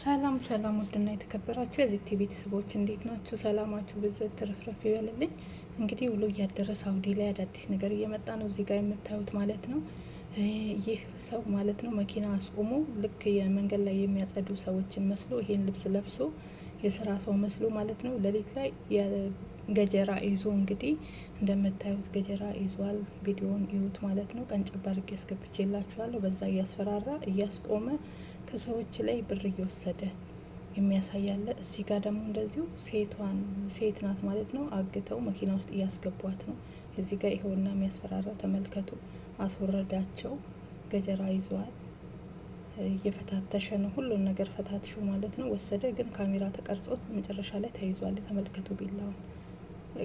ሰላም ሰላም፣ ውድና የተከበራችሁ ቲቪ ቤተሰቦች እንዴት ናችሁ? ሰላማችሁ ብዘት ትርፍረፍ ይበልልኝ። እንግዲህ ውሎ እያደረ ሳውዲ ላይ አዳዲስ ነገር እየመጣ ነው። እዚህ ጋር የምታዩት ማለት ነው። ይህ ሰው ማለት ነው መኪና አስቆሞ ልክ የመንገድ ላይ የሚያጸዱ ሰዎችን መስሎ ይሄን ልብስ ለብሶ የስራ ሰው መስሎ ማለት ነው ሌሊት ላይ ገጀራ ይዞ እንግዲህ እንደምታዩት ገጀራ ይዟል። ቪዲዮን ይዩት ማለት ነው። ቀንጨብ አድርጌ አስገብቼላችኋለሁ። በዛ እያስፈራራ እያስቆመ ከሰዎች ላይ ብር እየወሰደ የሚያሳያለ። እዚህ ጋር ደግሞ እንደዚሁ ሴቷን ሴት ናት ማለት ነው አግተው መኪና ውስጥ እያስገቧት ነው። እዚህ ጋር ይኸውና የሚያስፈራራ ተመልከቱ። አስወረዳቸው። ገጀራ ይዟል። እየፈታተሸ ነው። ሁሉን ነገር ፈታትሹ ማለት ነው። ወሰደ ግን ካሜራ ተቀርጾት መጨረሻ ላይ ተይዟል። ተመልከቱ ቢላውን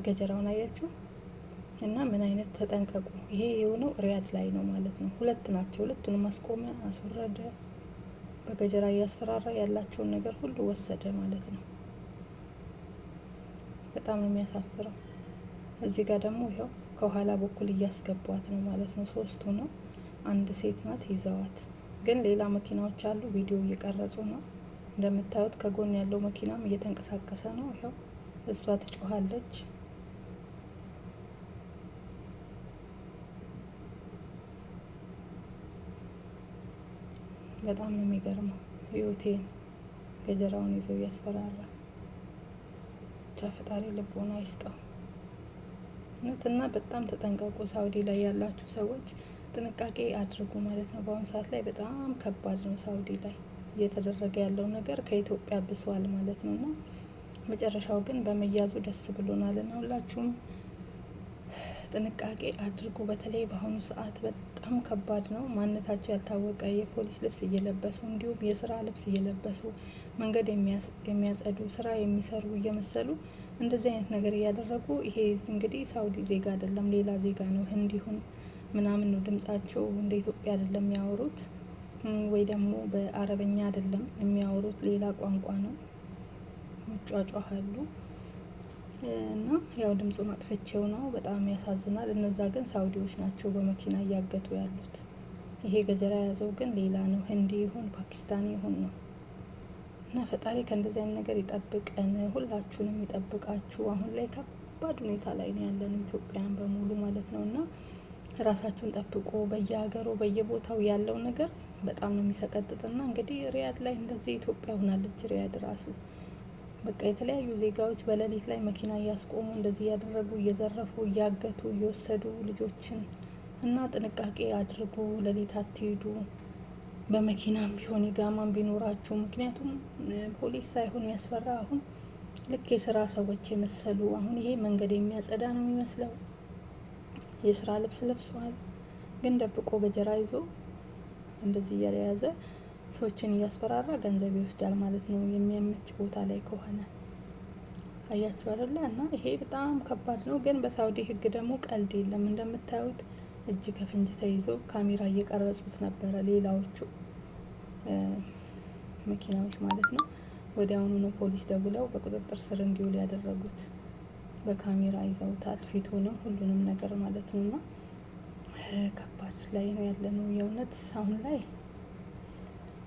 ገጀራውን አያችሁ እና ምን አይነት ተጠንቀቁ። ይሄ የሆነው ሪያድ ላይ ነው ማለት ነው። ሁለት ናቸው። ሁለቱንም ማስቆመ አስወረደ። በገጀራ እያስፈራራ ያላቸውን ነገር ሁሉ ወሰደ ማለት ነው። በጣም ነው የሚያሳፍረው። እዚህ ጋር ደግሞ ይኸው ከኋላ በኩል እያስገቧት ነው ማለት ነው። ሶስቱ ነው። አንድ ሴት ናት ይዘዋት፣ ግን ሌላ መኪናዎች አሉ። ቪዲዮ እየቀረጹ ነው እንደምታዩት። ከጎን ያለው መኪናም እየተንቀሳቀሰ ነው። ይኸው እሷ ትጮኋለች። በጣም ነው የሚገርመው። ህይወቴን ገጀራውን ይዞ እያስፈራራ ብቻ ፈጣሪ ልቦና ይስጠው። እውነትና በጣም ተጠንቀቁ። ሳውዲ ላይ ያላችሁ ሰዎች ጥንቃቄ አድርጉ ማለት ነው። በአሁኑ ሰዓት ላይ በጣም ከባድ ነው። ሳውዲ ላይ እየተደረገ ያለው ነገር ከኢትዮጵያ ብሷል ማለት ነው እና መጨረሻው ግን በመያዙ ደስ ብሎናል እና ሁላችሁም ጥንቃቄ አድርጉ። በተለይ በአሁኑ ሰዓት በጣም ከባድ ነው። ማንነታቸው ያልታወቀ የፖሊስ ልብስ እየለበሱ እንዲሁም የስራ ልብስ እየለበሱ መንገድ የሚያጸዱ ስራ የሚሰሩ እየመሰሉ እንደዚህ አይነት ነገር እያደረጉ ይሄ እንግዲህ ሳውዲ ዜጋ አይደለም፣ ሌላ ዜጋ ነው። ህንድ ምናምን ነው ድምጻቸው እንደ ኢትዮጵያ አይደለም የሚያወሩት፣ ወይ ደግሞ በአረበኛ አይደለም የሚያወሩት፣ ሌላ ቋንቋ ነው። መጯጫህ አሉ። እና ያው ድምጹ ማጥፈቸው ነው። በጣም ያሳዝናል። እነዛ ግን ሳውዲዎች ናቸው በመኪና እያገቱ ያሉት። ይሄ ገጀራ የያዘው ግን ሌላ ነው። ህንዲ ይሁን ፓኪስታኒ ይሁን ነው እና ፈጣሪ ከእንደዚህ አይነት ነገር ይጠብቀን፣ ሁላችሁንም ይጠብቃችሁ። አሁን ላይ ከባድ ሁኔታ ላይ ነው ያለነው ኢትዮጵያን በሙሉ ማለት ነው እና ራሳችሁን ጠብቆ በየሀገሩ በየቦታው ያለው ነገር በጣም ነው የሚሰቀጥጥና እንግዲህ ሪያድ ላይ እንደዚህ ኢትዮጵያ ሆናለች ሪያድ ራሱ በቃ የተለያዩ ዜጋዎች በሌሊት ላይ መኪና እያስቆሙ እንደዚህ እያደረጉ እየዘረፉ እያገቱ እየወሰዱ ልጆችን እና ጥንቃቄ አድርጉ፣ ሌሊት አትሄዱ። በመኪናም ቢሆን ይጋማም ቢኖራችሁ። ምክንያቱም ፖሊስ ሳይሆን የሚያስፈራ አሁን ልክ የስራ ሰዎች የመሰሉ አሁን ይሄ መንገድ የሚያጸዳ ነው የሚመስለው የስራ ልብስ ለብሰዋል፣ ግን ደብቆ ገጀራ ይዞ እንደዚህ ያዘ። ሰዎችን እያስፈራራ ገንዘብ ይወስዳል ማለት ነው፣ የሚያመች ቦታ ላይ ከሆነ አያችሁ አይደለ? እና ይሄ በጣም ከባድ ነው። ግን በሳውዲ ህግ ደግሞ ቀልድ የለም። እንደምታዩት እጅ ከፍንጅ ተይዞ ካሜራ እየቀረጹት ነበረ፣ ሌላዎቹ መኪናዎች ማለት ነው። ወዲያውኑ ነው ፖሊስ ደውለው በቁጥጥር ስር እንዲውል ያደረጉት። በካሜራ ይዘውታል፣ ፊቱንም ሁሉንም ነገር ማለት ነው። እና ከባድ ላይ ነው ያለነው የእውነት አሁን ላይ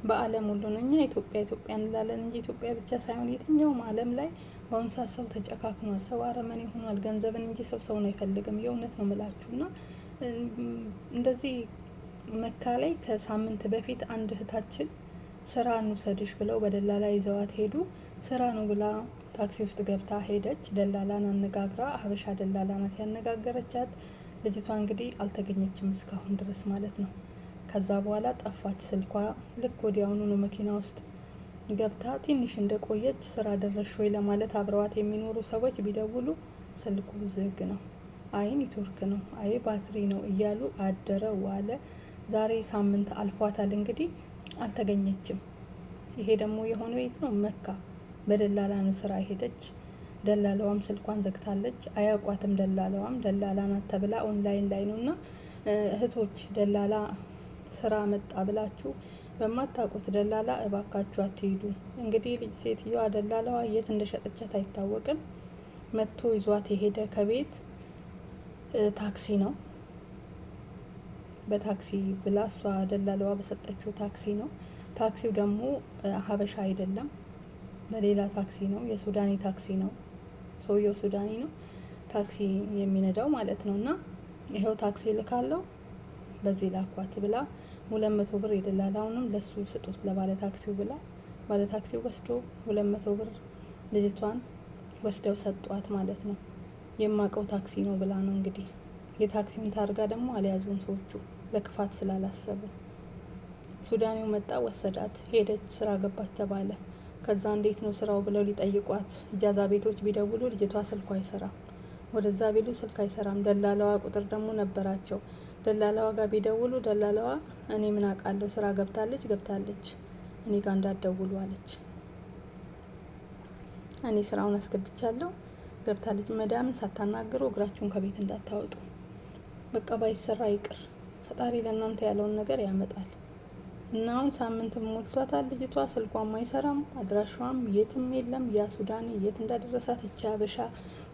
በዓለም ሁሉ ነው። እኛ ኢትዮጵያ ኢትዮጵያ እንላለን እንጂ ኢትዮጵያ ብቻ ሳይሆን የትኛውም ዓለም ላይ በአሁኑ ሰዓት ሰው ተጨካክኗል። ሰው አረመኔ ሆኗል። ገንዘብን እንጂ ሰው ሰውን አይፈልግም። የእውነት ነው ና እንደዚህ መካ ላይ ከሳምንት በፊት አንድ እህታችን ስራ እንውሰድሽ ብለው በደላላ ይዘዋት ሄዱ። ስራ ነው ብላ ታክሲ ውስጥ ገብታ ሄደች። ደላላን አነጋግራ ሀበሻ ደላላ ናት ያነጋገረቻት። ልጅቷ እንግዲህ አልተገኘችም እስካሁን ድረስ ማለት ነው። ከዛ በኋላ ጠፋች ስልኳ። ልክ ወዲያውኑ መኪና ውስጥ ገብታ ትንሽ እንደቆየች ስራ ደረሽ ወይ ለማለት አብረዋት የሚኖሩ ሰዎች ቢደውሉ ስልኩ ዝግ ነው። አይ ኔትወርክ ነው፣ አይ ባትሪ ነው እያሉ አደረ ዋለ። ዛሬ ሳምንት አልፏታል እንግዲህ አልተገኘችም። ይሄ ደግሞ የሆነው የት ነው? መካ። በደላላ ነው ስራ ሄደች። ደላለዋም ስልኳን ዘግታለች። አያውቋትም። ደላላዋም። ደላላ ናት ተብላ ኦንላይን ላይ ነው እና እህቶች ደላላ ስራ መጣ ብላችሁ በማታውቁት ደላላ እባካችሁ አትሄዱ። እንግዲህ ልጅ ሴትዮዋ ደላላዋ የት እንደሸጠቻት አይታወቅም። መጥቶ ይዟት የሄደ ከቤት ታክሲ ነው። በታክሲ ብላ እሷ ደላላዋ በሰጠችው ታክሲ ነው። ታክሲው ደግሞ ሀበሻ አይደለም፣ በሌላ ታክሲ ነው። የሱዳኒ ታክሲ ነው። ሰውየው ሱዳኒ ነው፣ ታክሲ የሚነዳው ማለት ነው። እና ይኸው ታክሲ ልካለው በዚህ ላኳት ብላ ሁለት መቶ ብር ይደላል። አሁንም ለሱ ስጡት ለባለ ታክሲው ብላ ባለ ታክሲው ወስዶ ሁለት መቶ ብር ልጅቷን ወስደው ሰጧት ማለት ነው። የማቀው ታክሲ ነው ብላ ነው እንግዲህ። የታክሲውን ታርጋ ደግሞ አልያዙም ሰዎቹ ለክፋት ስላላሰቡ። ሱዳኔው መጣ ወሰዳት፣ ሄደች፣ ስራ ገባች ተባለ። ከዛ እንዴት ነው ስራው ብለው ሊጠይቋት እጃዛ ቤቶች ቢደውሉ ልጅቷ ስልኩ አይሰራም፣ ወደዛ ቢሉ ስልክ አይሰራም። ደላላዋ ቁጥር ደግሞ ነበራቸው። ደላላዋ ጋር ቢደውሉ ደላላዋ እኔ ምን አውቃለሁ ስራ ገብታለች ገብታለች እኔ ጋር እንዳትደውሉ አለች። እኔ ስራውን አስገብቻለሁ ገብታለች። መዳምን ሳታናግሩ እግራችሁን ከቤት እንዳታወጡ። በቃ ባይሰራ ይቅር። ፈጣሪ ለእናንተ ያለውን ነገር ያመጣል። እና አሁን ሳምንትም ሞልቷታል ልጅቷ ስልኳም አይሰራም፣ አድራሿም የትም የለም። ያ ሱዳኔ የት እንዳደረሳት ይቻ በሻ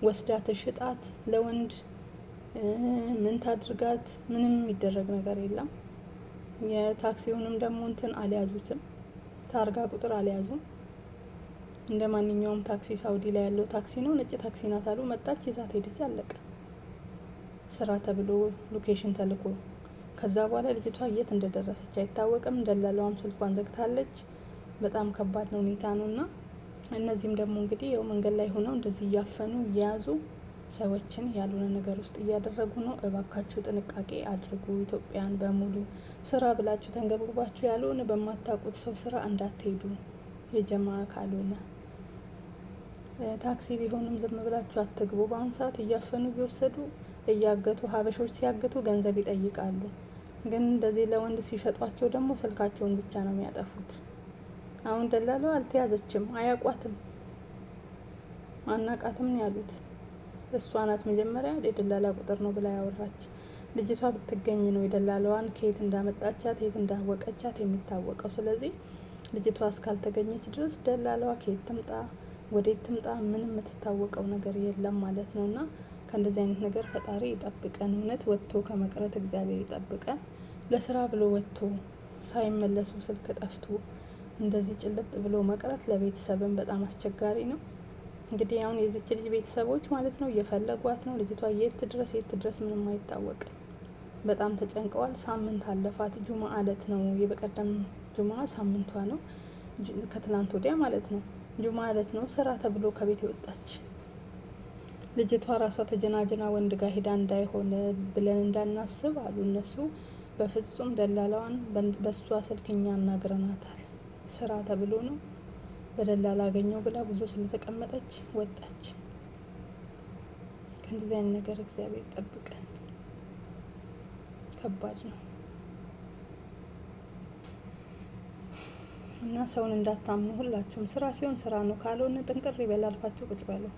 ወስዳ ተሽጣት ለወንድ ምን ታድርጋት ምንም የሚደረግ ነገር የለም። የታክሲውንም ደግሞ እንትን አልያዙትም፣ ታርጋ ቁጥር አልያዙም። እንደ ማንኛውም ታክሲ ሳውዲ ላይ ያለው ታክሲ ነው። ነጭ ታክሲ ናት አሉ። መጣች፣ ይዛት ሄደች፣ አለቀ። ስራ ተብሎ ሎኬሽን ተልኮ ከዛ በኋላ ልጅቷ የት እንደደረሰች አይታወቅም። ደላላዋም ስልኳን ዘግታለች። በጣም ከባድ ሁኔታ ነው እና እነዚህም ደግሞ እንግዲህ ያው መንገድ ላይ ሆነው እንደዚህ እያፈኑ እየያዙ ሰዎችን ያልሆነ ነገር ውስጥ እያደረጉ ነው። እባካችሁ ጥንቃቄ አድርጉ። ኢትዮጵያን በሙሉ ስራ ብላችሁ ተንገብግባችሁ ያልሆነ በማታውቁት ሰው ስራ እንዳትሄዱ። የጀማ ካልሆነ ታክሲ ቢሆንም ዝም ብላችሁ አትግቡ። በአሁኑ ሰዓት እያፈኑ እየወሰዱ እያገቱ ሀበሾች ሲያግቱ ገንዘብ ይጠይቃሉ። ግን እንደዚህ ለወንድ ሲሸጧቸው ደግሞ ስልካቸውን ብቻ ነው የሚያጠፉት። አሁን ደላለው አልተያዘችም፣ አያቋትም፣ አናቃትም ያሉት። እሷ ናት መጀመሪያ የደላላ ቁጥር ነው ብላ ያወራች። ልጅቷ ብትገኝ ነው የደላለዋን ከየት እንዳመጣቻት የት እንዳወቀቻት የሚታወቀው። ስለዚህ ልጅቷ እስካልተገኘች ድረስ ደላለዋ ከየት ትምጣ ወዴት ትምጣ ምን የምትታወቀው ነገር የለም ማለት ነው። እና ከእንደዚህ አይነት ነገር ፈጣሪ ይጠብቀን። እውነት ወጥቶ ከመቅረት እግዚአብሔር ይጠብቀን። ለስራ ብሎ ወጥቶ ሳይመለሱ ስልክ ጠፍቶ እንደዚህ ጭልጥ ብሎ መቅረት ለቤተሰብን በጣም አስቸጋሪ ነው። እንግዲህ አሁን የዚች ልጅ ቤተሰቦች ማለት ነው እየፈለጓት ነው። ልጅቷ የት ድረስ የት ድረስ ምንም አይታወቅም። በጣም ተጨንቀዋል። ሳምንት አለፋት። ጁማ አለት ነው የበቀደም ጁማ ሳምንቷ ነው ከትናንት ወዲያ ማለት ነው። ጁማ አለት ነው ስራ ተብሎ ከቤት የወጣች ልጅቷ ራሷ ተጀናጀና ወንድ ጋር ሄዳ እንዳይሆን ብለን እንዳናስብ አሉ እነሱ። በፍጹም ደላላዋን በእሷ ስልክኛ እናግረናታል። ስራ ተብሎ ነው በደላ ላገኘው ብላ ብዙ ስለተቀመጠች ወጣች። ከእንደዚህ አይነት ነገር እግዚአብሔር ጠብቀን። ከባድ ነው እና ሰውን እንዳታምኑ ሁላችሁም። ስራ ሲሆን ስራ ነው፣ ካልሆነ ጥንቅር ይበላልፋችሁ ቁጭ በለው።